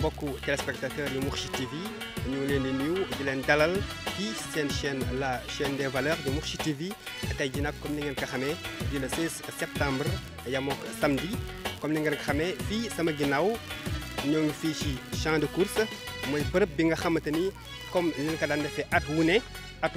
mbokku téléspectateur yu Mourchid TV ñu ngi leen di nuyu di leen dalal ci seen chaîne la chaîne des valeurs de Mourchid TV tey ji nag comme ni ngeen ko xamee di le 16 septembre yamook samedi comme ni ngeen ko xamee fii sama ginnaaw ñoo ngi fii ci champ de course mooy bërëb bi nga xamante ni comme ni ñu ko daan defee at wu ne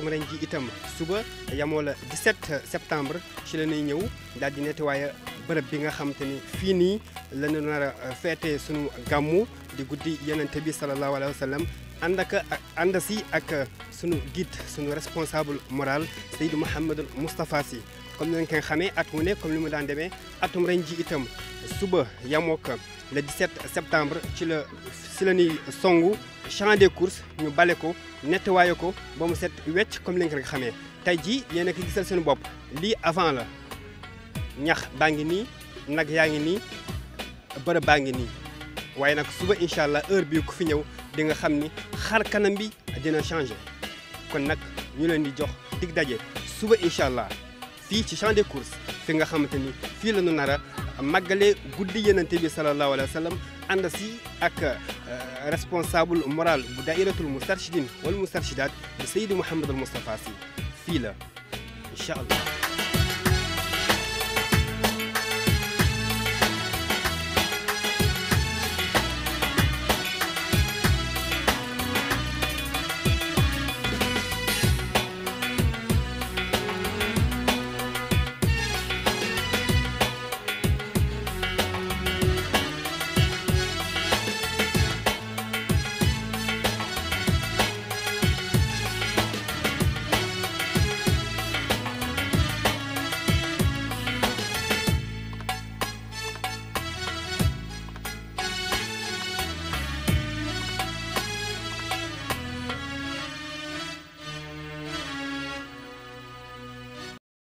mu ren ji itam suba yamoo la 17 septembre ci la ñuy ñëw daal di nettoyer bërëb bi nga xam te ni fii nii la ñu nar euh, feete sunu gàmmu di guddi yenente bi sallallahu alayhi wa sallam ànd ak ànd si ak euh, sunu guide sunu responsable moral Seydou Mouhamadou Moustapha Sy comme ka nga ko xamee at mu ne comme ni mu daan demee atum ren ji itam suba yamook le 17 septembre ci la si la ñuy songu champ des courses ñu bale ko nettoyé ko ba mu set wecc comme ni nga ko xamee tey jii yéen a ko gisal seen bopp lii avant la. ñax baa ngi nii nag yaa ngi nii bërëb baa ngi nii waaye nag suba incha allah heure bii ku fi ñëw di nga xam ni xar kanam bi dina changé kon nag ñu leen di jox dig daje suba incha allah fii ci champ de course fi nga xamante ni fii la ñu nar a màggale guddi yenente bi sallallahu alayhi wa sallam ànd si ak euh, responsable moral bu dairatul moustarchidine wala moustarchidat bi Seydou Mouhamadul Moustapha Sy fii la incha allah